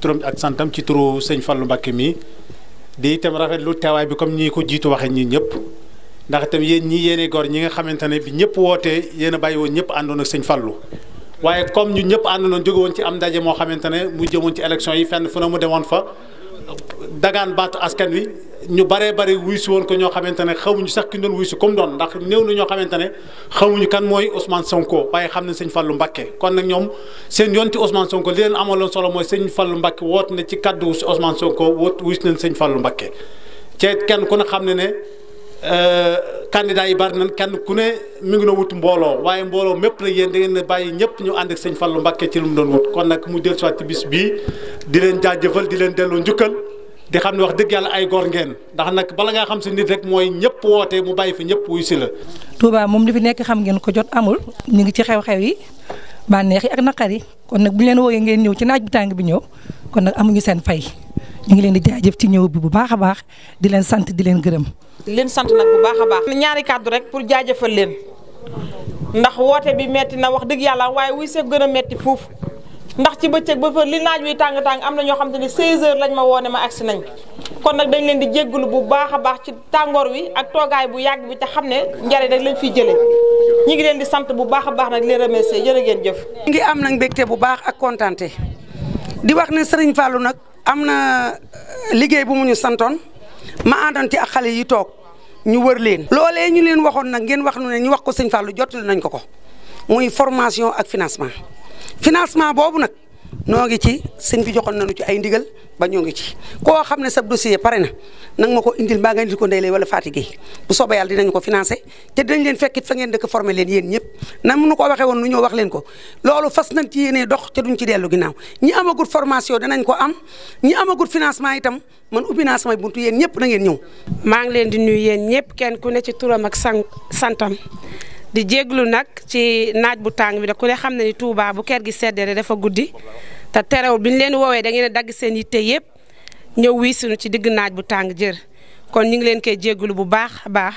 turam ak santam ci turu sëñ fallu Mbacké mii di itam rafetlu teewaay bi comme ñi ko jiitu waxee ñii ñëpp ndax itam yéen ñii yéene gor ñi nga xamante ne bi ñëpp wootee yéen a bàyyi woon ñëpp àndoon ak sëñ Fallou waaye comme ñu ñëpp àndoon jóge woon ci am ndaje moo xamante ne mu jëmoon ci élection yi fenn fu ne mu demoon fa dagaan baatu askan wi ñu baree bari wuy si woon ko ñoo xamante ne xamuñu sax ki doon wuy si comme doon ndax néew na ñoo xamante ne xamuñu kan mooy Ousmane Sonko waaye xam ne sëñ Fallou Mbakke kon nag ñoom seen yonti Ousmane Sonko li leen amaloon solo mooy sëñ Fallou Mbakke woot na ci kaddu si Ousmane Sonko woot wuy si nañ sëñ Fallou Mbakke te kenn ku ne xam ne ne euh, candidat yi bari nañ kenn ku ne mi ngi doon wut mbooloo waaye mbooloo mépp nag yéen da ngeen bàyyi ñëpp ñu ànd ak sëñ Fallou Mbakke ci lu mu doon wut kon nag mu dellusiwaat ci bis bii di leen jaajëfal di leen delloo njukkal di xam ne wax dëgg yàlla ay gor ngeen ndax nag bala ngaa xam si nit rek mooy ñëpp woote mu bàyyi fi ñëpp wuy si la. Touba moom li fi nekk xam ngeen ko jot amul ñu ngi ci xew-xew yi bànneex yi ak naqar yi kon nag bi leen wooyee ngeen ñëw ci naaj bi tàng bi ñëw kon nag amuñu seen fay ñu ngi leen di jaajëf ci ñëw bi bu baax a baax di leen sant di leen gërëm. di leen sant nag bu baax a baax. ñaari kàddu rek pour jaajafal leen ndax woote bi metti na wax dëgg yàlla waaye wuy see gën a metti foofu ndax ci bëccëg ba li naaj wi tàng tàng am na ñoo xam te ne 16 heures lañ ma woone ma agsi nañ kon nag dañ leen di jéggulu bu baax a baax ci tàngoor wi ak toogaay bu yàgg bi te xam ne njëriñ rek lañ fi jëlee ñi ngi leen di sant bu baax a baax nag leen remercier jërë ngeen jëf. ñu ngi am nag mbégte bu baax ak kontaante di wax ne sëriñ Fallou nag am na euh, liggéey bu mu ñu santoon ma àndoon ci ak xale yi toog ñu wër leen. loolee ñu leen waxoon nag ngeen wax nu ne ñu wax ko Serigne Fallou nañ ko ko muy formation ak financement. financement boobu nag noo ngi ci sëñ bi joxoon na nañu ci ay ndigal ba ñoo ngi ci koo xam ne sa dossier pare na nang ma ko indil mbaa nga indil ko ndey lay wala faati yi bu soobee yàlla dinañ ko financé te dinañ leen fekkit fa ngeen dëkk formé leen yéen ñëpp na nu ko waxee nu ñoo wax leen ko loolu fas nañ ci yéenee dox te duñ ci dellu ginnaaw ñi amagul formation dinañ ko am ñi amagul financement itam man ubbi naa samay yéen ñëpp na ngeen ñëw maa ngi leen di nuyu yéen ñëpp kenn ku ne ci turam ak santam di jéglu nag ci naaj bu tàng bi da ku ne xam ne ni Touba bu ker gi seddee dafa guddi te terewul bi leen woowee da ngeen dagg seen yitte yëpp ñëw wiisuñu ci digg naaj bu tàng jër kon ñu ngi leen koy jéglu bu baax baax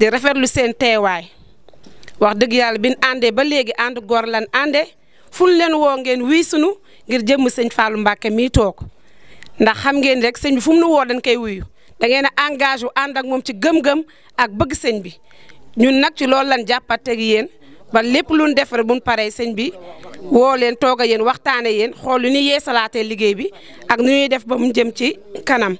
di rafetlu seen teewaay wax dëgg yàlla bin ñu àndee ba léegi ànd gor lan àndee fu leen woo ngeen wiisuñu ngir jëmm sëñ Fallou Mbacke mii toog ndax xam ngeen rek sëñ bi fu nu woo dañ koy wuyu da ngeen a engagé wu ànd ak moom ci gëm ak bëgg sëñ bi ñun nag ci loolu lan jàppateeg yéen ba lépp lu ñu defar bu paree sëñ bi woo leen toog a yéen waxtaane yéen xool lu ñuy yeesalaatee liggéey bi ak nu ñuy def ba mu jëm ci kanam